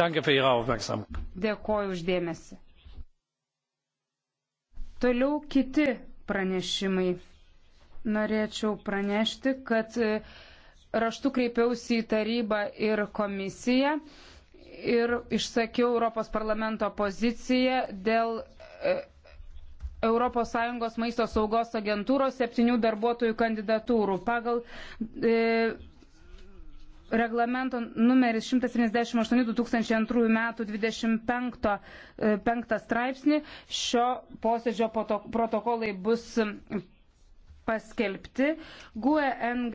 Dėkoju uždėmesi. Toliau kiti pranešimai. Norėčiau pranešti, kad e, raštu kreipiausi į tarybą ir komisiją ir išsakiau Europos parlamento poziciją dėl ES maisto saugos agentūros septynių darbuotojų kandidatūrų. Pagal e, reglamento numeris 178-2002 metų 25 e, straipsnį. Šio posėdžio protokolai bus paskelbti. GUEN